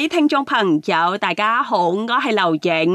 各位聽眾朋友，大家好，我係劉穎，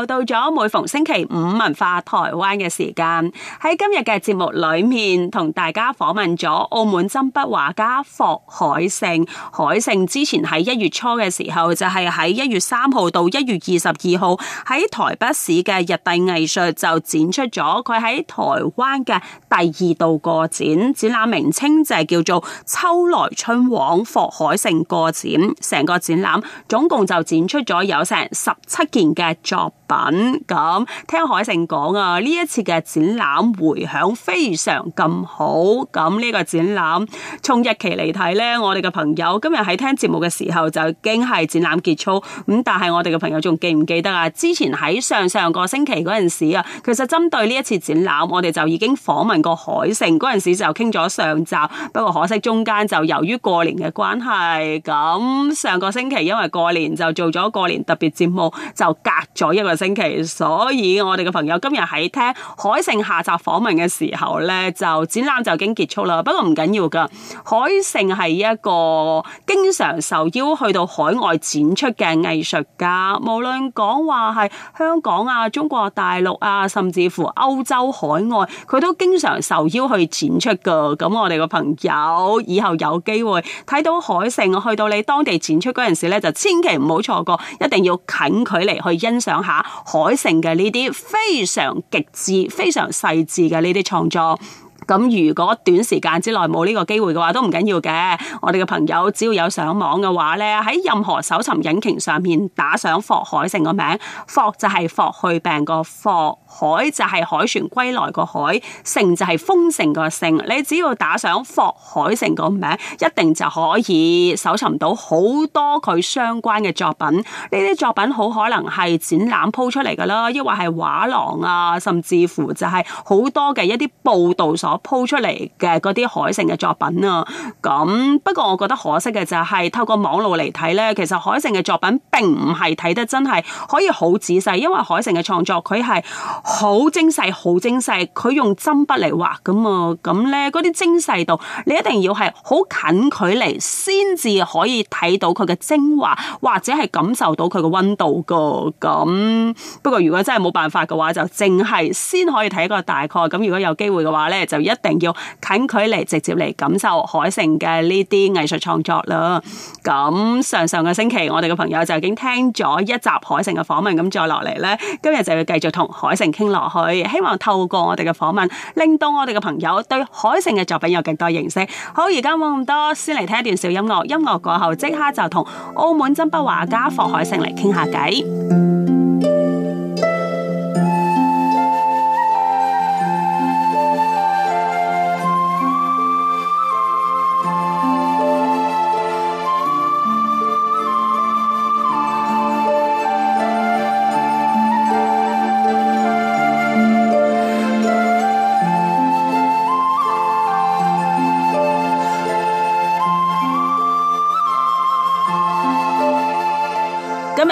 又到咗每逢星期五文化台灣嘅時間。喺今日嘅節目裏面，同大家訪問咗澳門針筆畫家霍凱盛。凱盛之前喺一月初嘅時候，就係喺一月三號到一月二十二號喺台北市嘅日帝藝術就展出咗佢喺台灣嘅第二度個展，展覽名稱就係叫做《秋來春往霍凱盛個展》，成個展覽。總共就展出咗有成十七件嘅作品，咁聽凱盛講啊，呢一次嘅展覽回響非常咁好。咁呢個展覽從日期嚟睇呢，我哋嘅朋友今日喺聽節目嘅時候就已經係展覽結束。咁但係我哋嘅朋友仲記唔記得啊？之前喺上上個星期嗰陣時啊，其實針對呢一次展覽，我哋就已經訪問過凱盛嗰陣時就傾咗上集，不過可惜中間就由於過年嘅關係，咁上個星期因。因為過年就做咗過年特別節目，就隔咗一個星期，所以我哋嘅朋友今日喺聽凱盛下集訪問嘅時候咧，就展覽就已經結束啦。不過唔緊要噶，凱盛係一個經常受邀去到海外展出嘅藝術家，無論講話係香港啊、中國大陸啊，甚至乎歐洲海外，佢都經常受邀去展出噶。咁我哋個朋友以後有機會睇到凱盛去到你當地展出嗰陣時咧，千祈唔好錯過，一定要近距離去欣賞下凱盛嘅呢啲非常極致、非常細致嘅呢啲創作。咁如果短時間之內冇呢個機會嘅話都唔緊要嘅。我哋嘅朋友只要有上網嘅話咧，喺任何搜尋引擎上面打上霍凱盛個名，霍就係霍去病個霍，凱就係凱旋歸來個凱，盛就係豐盛個盛。你只要打上霍凱盛個名，一定就可以搜尋到好多佢相關嘅作品。呢啲作品好可能係展覽鋪出嚟嘅啦，抑或係畫廊啊，甚至乎就係好多嘅一啲報道所。我鋪出嚟嘅嗰啲海城嘅作品啊，咁不過我覺得可惜嘅就係透過網絡嚟睇呢。其實海城嘅作品並唔係睇得真係可以好仔細，因為海城嘅創作佢係好精細、好精細，佢用針筆嚟畫噶啊，咁呢嗰啲精細度你一定要係好近距離先至可以睇到佢嘅精華，或者係感受到佢嘅溫度噶。咁不過如果真係冇辦法嘅話，就淨係先可以睇一個大概。咁如果有機會嘅話呢，就一定要近距離直接嚟感受凱盛嘅呢啲藝術創作啦。咁上上個星期，我哋嘅朋友就已經聽咗一集凱盛嘅訪問，咁再落嚟呢，今日就要繼續同凱盛傾落去。希望透過我哋嘅訪問，令到我哋嘅朋友對凱盛嘅作品有更多認識。好，而家冇咁多，先嚟聽一段小音樂。音樂過後，即刻就同澳門針筆畫家霍凱盛嚟傾下偈。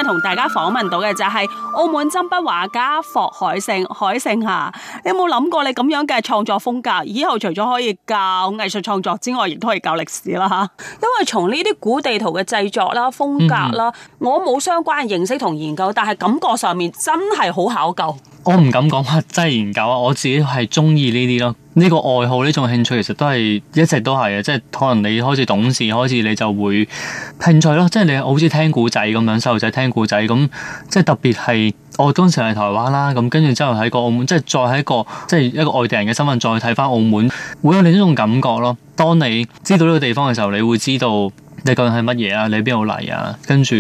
同大家訪問到嘅就係澳門針筆畫家霍凱盛，凱盛啊，你有冇諗過你咁樣嘅創作風格以後除咗可以教藝術創作之外，亦都可以教歷史啦吓？因為從呢啲古地圖嘅製作啦、風格啦，我冇相關嘅認識同研究，但係感覺上面真係好考究。我唔敢講話、啊、真係研究啊！我自己係中意呢啲咯，呢、呢個愛好呢種興趣其實都係一直都係嘅，即係可能你開始懂事開始你就會興趣咯。即係你好似聽古仔咁樣，細路仔聽古仔咁，即係特別係我當時係台灣啦，咁跟住之後喺個澳門，即係再喺個即係一個外地人嘅身份再睇翻澳門，會有另一種感覺咯。當你知道呢個地方嘅時候，你會知道你究竟係乜嘢啊？你喺邊度嚟啊？跟住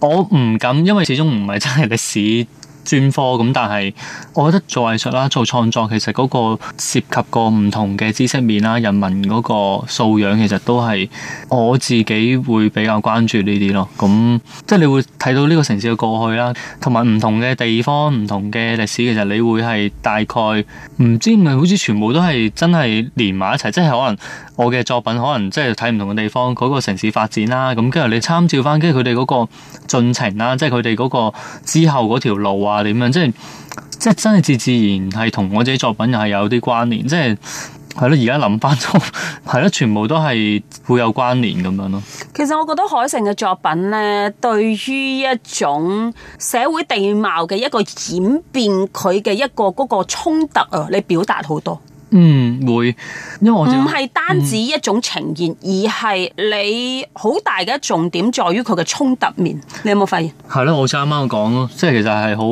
我唔敢，因為始終唔係真係歷史，專科咁，但係我覺得做藝術啦、做創作，其實個涉及個唔同嘅知識面啦，人民個素養其實都係我自己會比較關注呢啲咯。咁、嗯、即係你會睇到呢個城市嘅過去啦，同埋唔同嘅地方、唔同嘅歷史，其實你會係大概唔知係咪好似全部都係真係連埋一齊，即係可能我嘅作品可能即係睇唔同嘅地方、嗰個城市發展啦。咁跟住你參照翻，跟住佢哋個進程啦，即係佢哋個之後條路啊。話點樣，即係即係真係自自然係同我自己作品又係有啲關聯，即係係咯，而家諗翻咗，係咯，全部都係會有關聯咁樣咯。其實我覺得凱盛嘅作品咧，對於一種社會地貌嘅一個演變，佢嘅一個嗰個衝突啊，你表達好多。嗯，會，因為我唔係單止一種呈現，嗯、而係你好大嘅重點在於佢嘅衝突面。你有冇發現？係咯，我先啱啱講咯，即係其實係好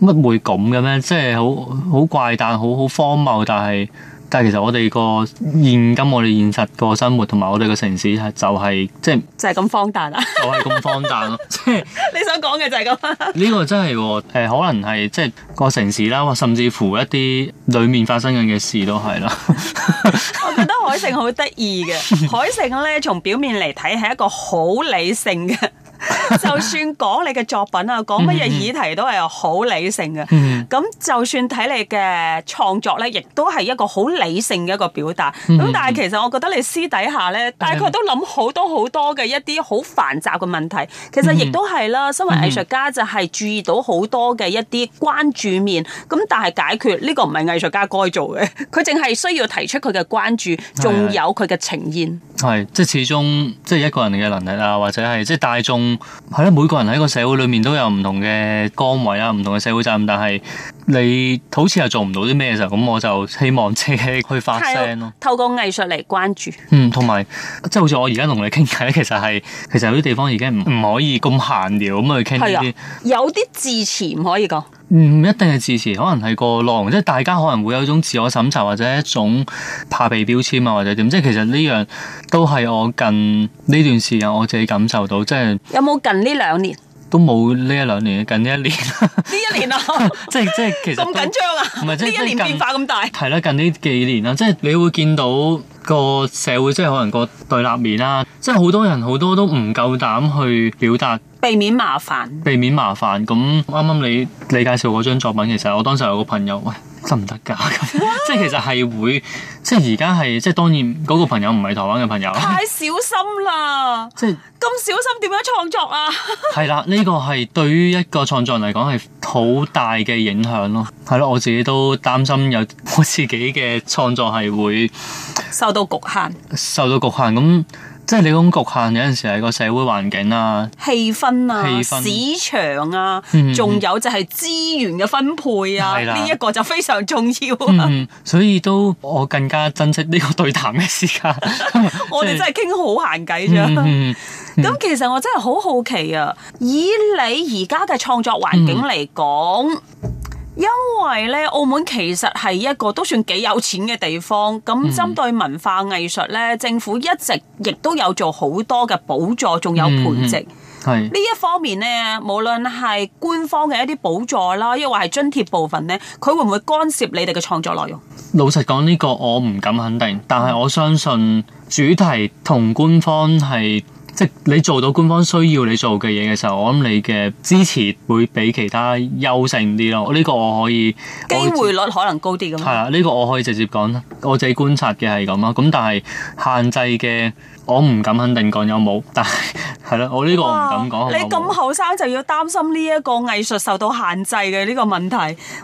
乜會咁嘅咩？即係好好怪但，但好好荒謬，但係。但係其實我哋個現今我哋現實個生活同埋我哋個城市係就係即係就係咁荒誕。啊！就係咁荒誕咯！你想講嘅就係咁。呢個真係喎誒，可能係即係個城市啦，甚至乎一啲裡面發生緊嘅事都係啦。 我覺得凱盛好得意嘅， 凱盛咧，從表面嚟睇係一個好理性嘅。 就算講你嘅作品啊，講乜嘢議題都係好理性嘅。咁、嗯、就算睇你嘅創作咧，亦都係一個好理性嘅一個表達。咁、嗯嗯、但係其實我覺得你私底下咧，大概都諗好多好多嘅一啲好繁雜嘅問題。其實亦都係啦，身為藝術家就係注意到好多嘅一啲關注面。咁、嗯嗯、但係解決呢個唔係藝術家該做嘅，佢淨係需要提出佢嘅關注，仲有佢嘅呈現。係即係始終即係一個人嘅能力啊，或者係即係大眾。係啦、嗯，每個人喺個社會裏面都有唔同嘅崗位啊，唔同嘅社會責任。但係你好似又做唔到啲咩嘅時候，咁我就希望借去發聲咯，透過藝術嚟關注。嗯，同埋即係好似我而家同你傾偈咧，其實係其實有啲地方已經唔唔可以咁閒聊咁去傾呢啲，有啲字詞唔可以講。唔一定係支持，可能係個浪，即係大家可能會有一種自我審查，或者一種怕被標籤啊，或者點。即係其實呢樣都係我近呢段時間我自己感受到，即係有冇近呢兩年都冇呢一兩年，近呢一年呢一年啊， 即係即係其實咁緊張啊，唔係即係呢一年變化咁大。係啦，近呢幾年啦，即係你會見到個社會，即係可能個對立面啦，即係好多人好多都唔夠膽去表達。避免麻煩，避免麻煩。咁啱啱你你介紹嗰張作品，其實我當時有個朋友，喂，得唔得噶？即係 其實係會，即係而家係，即係當然嗰個朋友唔係台灣嘅朋友。太小心啦，即係咁小心，點樣創作啊？係 啦，呢個係對於一個創作人嚟講係好大嘅影響咯。係咯，我自己都擔心有我自己嘅創作係會受到局限，受到局限咁。即係你講局限，有陣時係個社會環境啊、氣氛啊，氛、市場啊，仲、嗯、有就係資源嘅分配啊，呢一、嗯、個就非常重要、啊嗯。所以都我更加珍惜呢個對談嘅時間。 就是、 我哋真係傾好閒偈啫。咁、嗯嗯、其實我真係好好奇啊，以你而家嘅創作環境嚟講。嗯嗯因為咧，澳門其實係一個都算幾有錢嘅地方。咁針對文化藝術咧，嗯、政府一直亦都有做好多嘅補助，仲有培植。係呢、嗯、一方面咧，無論係官方嘅一啲補助啦，抑或係津貼部分咧，佢會唔會干涉你哋嘅創作內容？老實講呢、呢個我唔敢肯定，但係我相信主題同官方係。即係你做到官方需要你做嘅嘢嘅時候，我諗你嘅支持會比其他優勝啲咯。呢個我可以機會率可能高啲咁。係啊，呢個我可以直接講啦。我自己觀察嘅係咁啊。咁但係限制嘅，我唔敢肯定講有冇。但係係咯，我呢個唔敢講。你咁後生就要擔心呢一個藝術受到限制嘅呢個問題，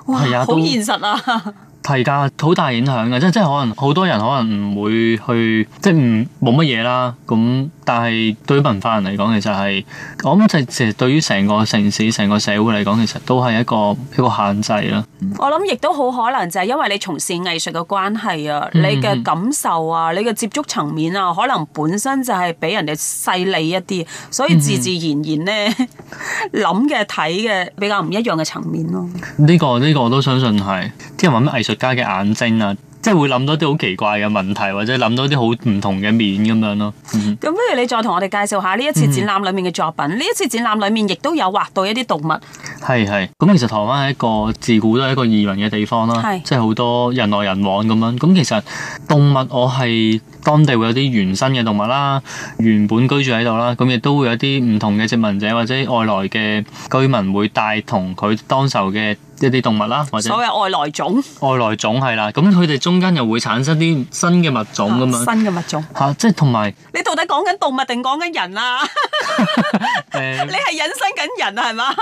哇，係啊，好現實啊！係噶，好大影響嘅，即係即係可能好多人可能唔會去，即係唔冇乜嘢啦。咁但係對於文化人嚟講，其實係，我諗就其實對於成個城市、成個社會嚟講，其實都係一個一個限制啦。我諗亦都好可能就係因為你從事藝術嘅關係啊，嗯嗯嗯，你嘅感受啊，你嘅接觸層面啊，可能本身就係比人哋細膩一啲，所以自自然然咧。嗯嗯 諗嘅睇嘅比較唔一樣嘅層面咯，呢個呢個我都相信係啲人話咩藝術家嘅眼睛啊。即係會諗到啲好奇怪嘅問題，或者諗到啲好唔同嘅面咁樣咯。咁、嗯、不如你再同我哋介紹下呢一次展覽裏面嘅作品。呢、嗯、哼一次展覽裏面亦都有畫到一啲動物。係係，咁其實台灣係一個自古都係一個移民嘅地方啦，是即係好多人來人往咁樣。咁其實動物我係當地會有啲原生嘅動物啦，原本居住喺度啦，咁亦都會有啲唔同嘅殖民者或者外來嘅居民會帶同佢當時嘅。一啲動物啦，或者所謂外來種，外來種係啦，咁佢哋中間又會產生啲新嘅物種咁樣，啊，新嘅物種嚇，啊，即係同埋你到底講緊動物定講緊人啊？ 呃、你係引申緊人係嘛？誒、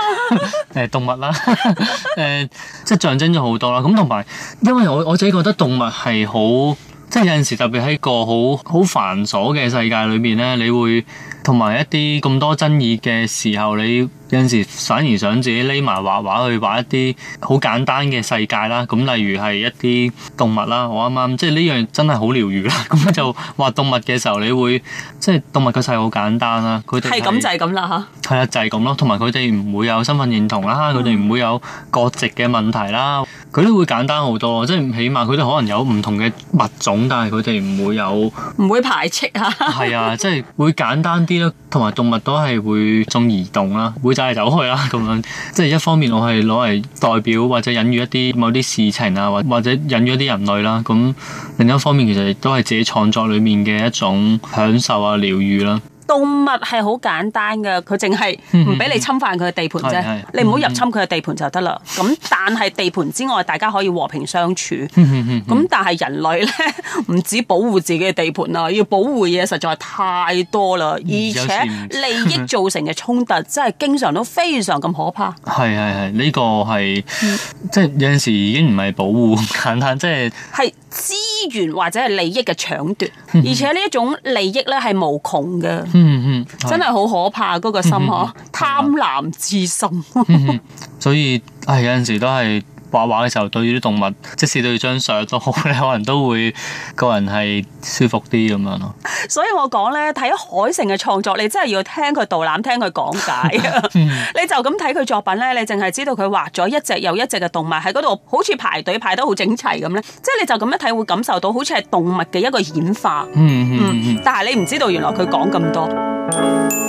呃、動物啦，誒、 呃、即係象徵咗好多啦。咁同埋，因為我我自己覺得動物係好，即係有陣時特別喺個好好繁瑣嘅世界裏面咧，你會。同埋一啲咁多爭議嘅時候，你有陣時反而想自己匿埋畫畫去畫一啲好簡單嘅世界啦。咁例如係一啲動物啦，我啱啱即係呢樣真係好療癒啦。咁就畫動物嘅時候，你會即係動物個世界好簡單啦。佢哋係咁就係咁啦嚇。係啊，就係咁咯。同埋佢哋唔會有身份認同啦，佢哋唔會有國籍嘅問題啦。佢都會簡單好多，即係起碼佢哋可能有唔同嘅物種，但係佢哋唔會有唔會排斥啊。係啊，即係會簡單。啲同埋動物都係會縱移動啦，會走嚟走去啦，咁樣即係一方面我係攞嚟代表或者隱喻一啲某啲事情啊，或或者隱喻一啲人類啦。咁另一方面其實亦都係自己創作裏面嘅一種享受啊、療愈啦。動物係好簡單嘅，佢淨係唔俾你侵犯佢嘅地盤啫，嗯、你唔好入侵佢嘅地盤就得啦。咁、嗯、但係地盤之外，大家可以和平相處。咁、嗯嗯、但係人類咧，唔止保護自己嘅地盤啦，要保護嘢實在太多啦，而且利益造成嘅衝突，真係經常都非常咁可怕。係係係，呢個係即係有陣時已經唔係保護，簡單，即係係資源或者係利益嘅搶奪，而且呢一種利益咧係無窮嘅。嗯嗯， 真係好可怕嗰個心囉，貪婪之心。所以唉，有陣時都係。畫畫嘅時候，對啲動物，即使對張相都好，咧，可能都會個人係舒服啲咁樣咯。所以我講咧，睇凱盛嘅創作，你真係要聽佢導覽，聽佢講解。 你就咁睇佢作品咧，你淨係知道佢畫咗一隻又一隻嘅動物喺嗰度，好似排隊排得好整齊咁咧。即係，你就咁一睇會感受到，好似係動物嘅一個演化。嗯 嗯。但係你唔知道原來佢講咁多。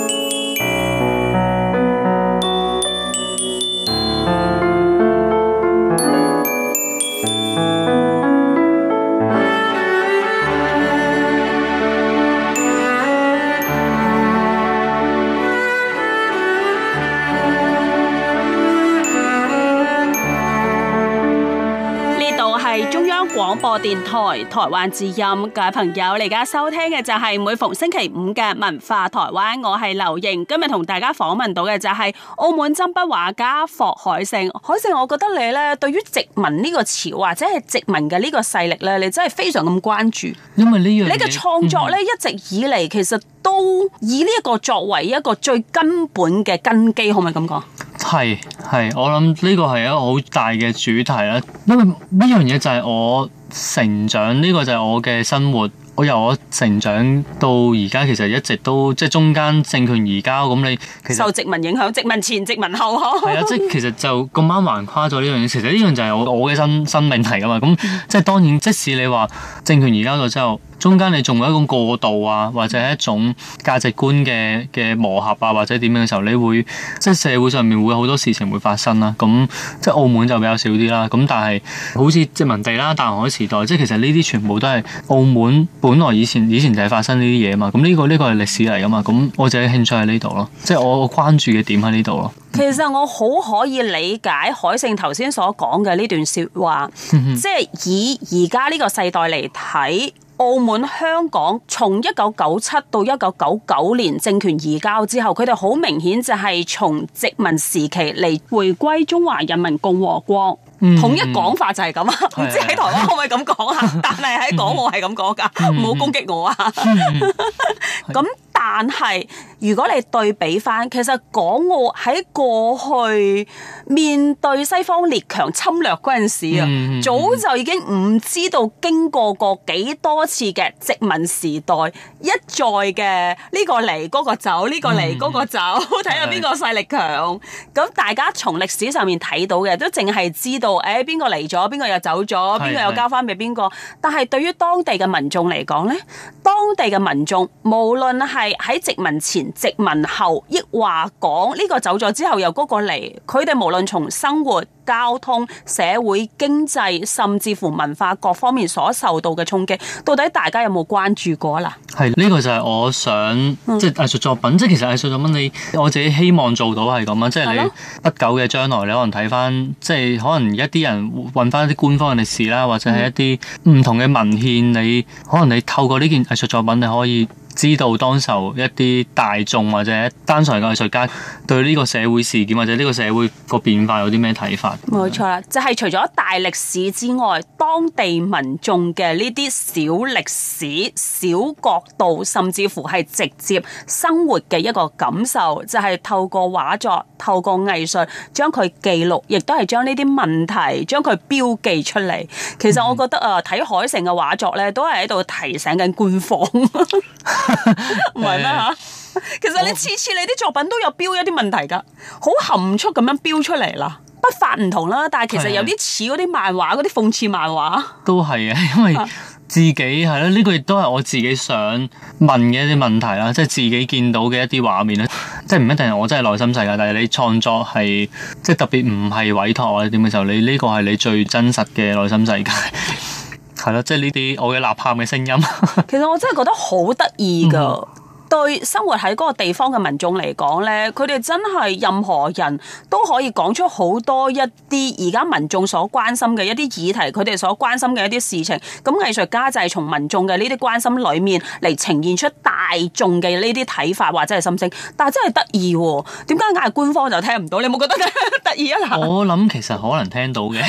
廣播電台台灣之音，各位朋友，你而家收聽嘅就係每逢星期五嘅文化台灣，我係劉瑩。今日同大家訪問到嘅就係澳門針筆畫家霍凱盛。凱盛，我覺得你咧對於殖民呢個詞或者係殖民嘅呢個勢力咧，你真係非常咁關注。因為呢樣嘢你嘅創作咧，嗯、一直以嚟其實都以呢一個作為一個最根本嘅根基，可唔可以咁講？係係，我諗呢個係一個好大嘅主題啦。因為呢樣嘢就係我。成長呢、這個就係我嘅生活，我由我成長到而家，其實一直都即係中間政權移交，咁你受殖民影響，殖民前殖民後嗬，係啊，即係其實就咁啱橫跨咗呢樣嘢，其實呢樣就係我我嘅生生命題㗎嘛。咁即係當然，嗯、即使你話政權移交咗之後。中間你仲有一種過渡啊，或者一種價值觀嘅嘅磨合啊，或者點樣嘅時候，你會即係社會上面會有好多事情會發生啦。咁即係澳門就比較少啲啦。咁但係好似殖民地啦，大海時代，即係其實呢啲全部都係澳門本來以前以前就係發生呢啲嘢嘛。咁呢個呢個係歷史嚟噶嘛。咁我就係興趣喺呢度咯，即係我關注嘅點喺呢度咯。其實我好可以理解凱盛頭先所講嘅呢段説話， 即係以而家呢個世代嚟睇。澳門、香港，從一九九七到一九九九年政權移交之後，佢哋好明顯就係從殖民時期嚟回歸中華人民共和國，統、嗯嗯、一講法就係咁啊。唔、嗯嗯、知喺台灣可唔可以咁講啊？嗯、但係喺、嗯、港澳係咁講噶，唔好、嗯、攻擊我啊。咁。但係，如果你對比翻，其實港澳喺過去面對西方列強侵略嗰陣時啊，嗯嗯、早就已經唔知道經過過幾多次嘅殖民時代，一再嘅呢個嚟嗰、呢個呢個嗰個走，呢個嚟嗰個走，睇下邊個勢力強，咁的大家從歷史上面睇到嘅，都淨係知道，誒邊個嚟咗，邊個又走咗，邊個的又交翻俾邊個，但係對於當地嘅民眾嚟講咧，當地嘅民眾無論係。喺殖民前、殖民後，亦話講呢、呢個走咗之後又嗰個嚟，佢哋無論從生活、交通、社會、經濟甚至乎文化各方面所受到嘅衝擊，到底大家有冇關注過啦，係呢、呢個就係我想，即係藝術作品，即係、嗯、其實藝術作品你，你我自己希望做到係咁樣，即、就、係、是、你不久嘅將來你可能睇翻，即、就、係、是、可能一啲人揾翻啲官方嘅歷史啦，或者係一啲唔同嘅文獻，你可能你透過呢件藝術作品，你可以。知道當時候一啲大眾或者單純嘅藝術家對呢個社會事件或者呢個社會個變化有啲咩睇法？冇錯，就係、是、除咗大歷史之外，當地民眾嘅呢啲小歷史、小角度，甚至乎係直接生活嘅一個感受，就係、是、透過畫作、透過藝術將佢記錄，亦都係將呢啲問題將佢標記出嚟。其實我覺得啊，睇、呃、凱盛嘅畫作呢，都係喺度提醒緊官方。 唔係咩吓？ 吧 其實你次次你啲作品都有標一啲問題噶，好含蓄咁樣標出嚟啦。筆法唔同啦，但係其實有啲似嗰啲漫畫，嗰啲諷刺漫畫。漫畫都係嘅，因為自己係咯，呢、呢個亦都係我自己想問嘅一啲問題啦，即係自己見到嘅一啲畫面咧，即係唔一定係我真係內心世界，但係你創作係即係特別唔係委託或者點嘅時候，你、這、呢個係你最真實嘅內心世界。係啦，即係呢啲我嘅吶喊嘅聲音。其實我真係覺得好得意噶，對生活喺嗰個地方嘅民眾嚟講咧，佢哋真係任何人都可以講出好多一啲而家民眾所關心嘅一啲議題，佢哋所關心嘅一啲事情。咁藝術家就係從民眾嘅呢啲關心裏面嚟呈現出大眾嘅呢啲睇法或者係心聲。但係真係得意喎，點解硬係官方就聽唔到？你有冇覺得得意呀嗱？ 我諗其實可能聽到嘅，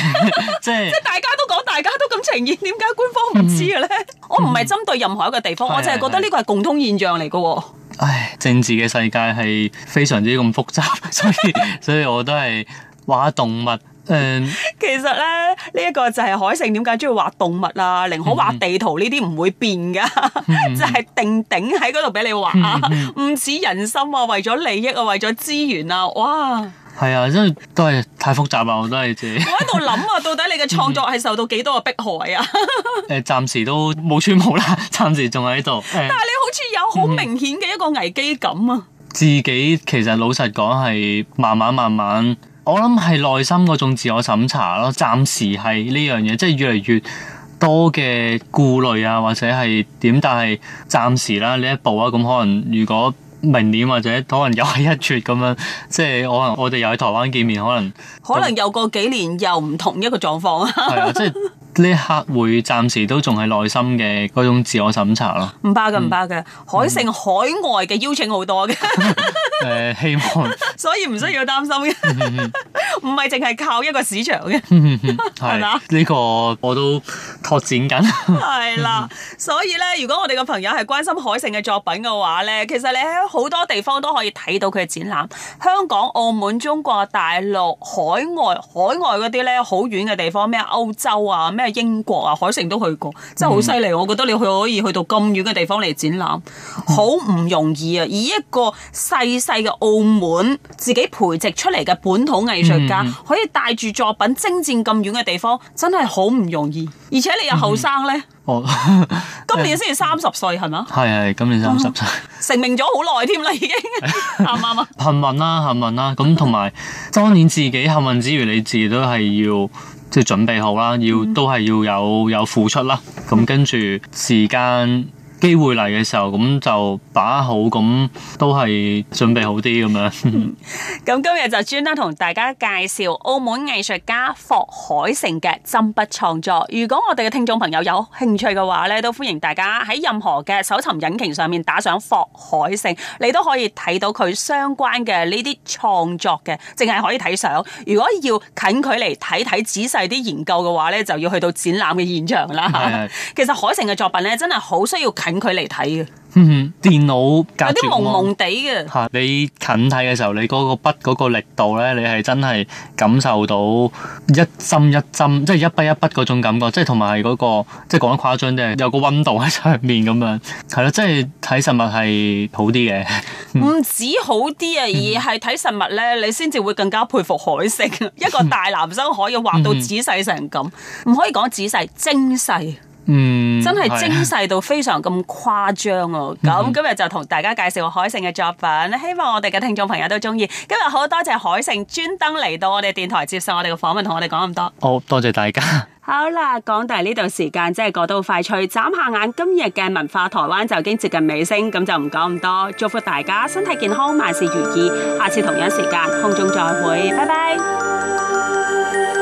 即係即係大家都講。大家都咁呈現，點解官方唔知嘅咧？嗯、我唔係針對任何一個地方，嗯、我淨係覺得呢個係共通現象嚟㗎。唉，政治嘅世界係非常之咁複雜，所以 所以我都係畫動物。誒、呃，其實咧呢一、這個就係凱盛點解鍾意畫動物啊？寧可畫地圖呢啲唔會變㗎，嗯、 就係定頂喺嗰度俾你畫啊，唔似人心啊！為咗利益啊，為咗資源啊，哇！係啊，真係都係太複雜啊！我都係自己。我喺度諗啊， 到底你嘅創作係受到幾多嘅迫害啊？誒 、呃，暫時都冇穿冇啦，暫時仲喺度。呃、但係你好似有好明顯嘅一個危機感啊、嗯！自己其實老實講係慢慢慢慢，我諗係內心嗰種自我審查咯。暫時係呢樣嘢，即係越嚟越多嘅顧慮啊，或者係點？但係暫時啦呢一步啊，咁可能如果。明年或者可能又係一絕咁樣，即係可能我哋又喺台灣見面，可能可能又過幾年又唔同一個狀況啊！係 啊，即係呢刻會暫時都仲係內心嘅嗰種自我審查咯。唔怕嘅，唔怕嘅，嗯、凱盛海外嘅邀請好多嘅。 誒， 希望 所以唔需要擔心嘅，唔係淨係靠一個市場嘅 係啦。呢個我都拓展緊，係啦。所以咧，如果我哋嘅朋友係關心凱盛嘅作品嘅話咧，其實你喺好多地方都可以睇到佢嘅展覽。香港、澳門、中國大陸、海外、海外啲咧，好遠嘅地方，咩歐洲啊、咩英國啊，凱盛都去過，真係好犀利。嗯、我覺得你去可以去到咁遠嘅地方嚟展覽，好唔容易啊！以、嗯、一個細細嘅澳門自己培植出嚟嘅本土藝術家，嗯、可以帶住作品征戰咁遠嘅地方，真係好唔容易。而且你又後生呢？哦、嗯 今年先至三十歲係咪？係今年三十歲，成名咗好耐添啦，已經啱啱是 啊？幸運啦，幸運啦。咁同埋，當年自己幸運之餘，你自己都係要即係、就是、準備好啦，要、嗯、都係要有有付出啦。咁跟住時間。機會嚟嘅時候，咁就把握好，咁都係準備好啲咁樣。咁 今日就專登同大家介紹澳門藝術家霍凱盛嘅針筆創作。如果我哋嘅聽眾朋友有興趣嘅話呢，都歡迎大家喺任何嘅搜尋引擎上面打上霍凱盛，你都可以睇到佢相關嘅呢啲創作嘅。淨係可以睇相，如果要近距離睇睇仔細啲研究嘅話呢，就要去到展覽嘅現場啦。的 其實凱盛嘅作品呢，真係好需要遠距離睇嘅，電腦有啲蒙蒙地嘅。吓，你近睇嘅時候，你嗰個筆嗰個力度咧，你係真係感受到一針一針，即係一筆一筆嗰種感覺，即係同埋嗰個，即係講得誇張啲，有個溫度喺上面咁樣，係咯，即係睇實物係好啲嘅。唔、嗯、止好啲啊，而係睇實物咧，嗯、你先至會更加佩服凱盛。 一個大男生可以畫到仔細成咁，唔、嗯嗯、可以講仔細，精細。嗯，真係精細到非常咁誇張哦！咁、嗯、今日就同大家介紹凱盛嘅作品，希望我哋嘅聽眾朋友都中意。今日好多謝凱盛專登嚟到我哋電台接受我哋嘅訪問，同我哋講咁多。好、哦、多謝大家。好啦，講到呢段時間真係過到好快脆，眨下眼今日嘅文化台灣就已經接近尾聲，咁就唔講咁多。祝福大家身體健康，萬事如意。下次同樣時間空中再會，拜拜。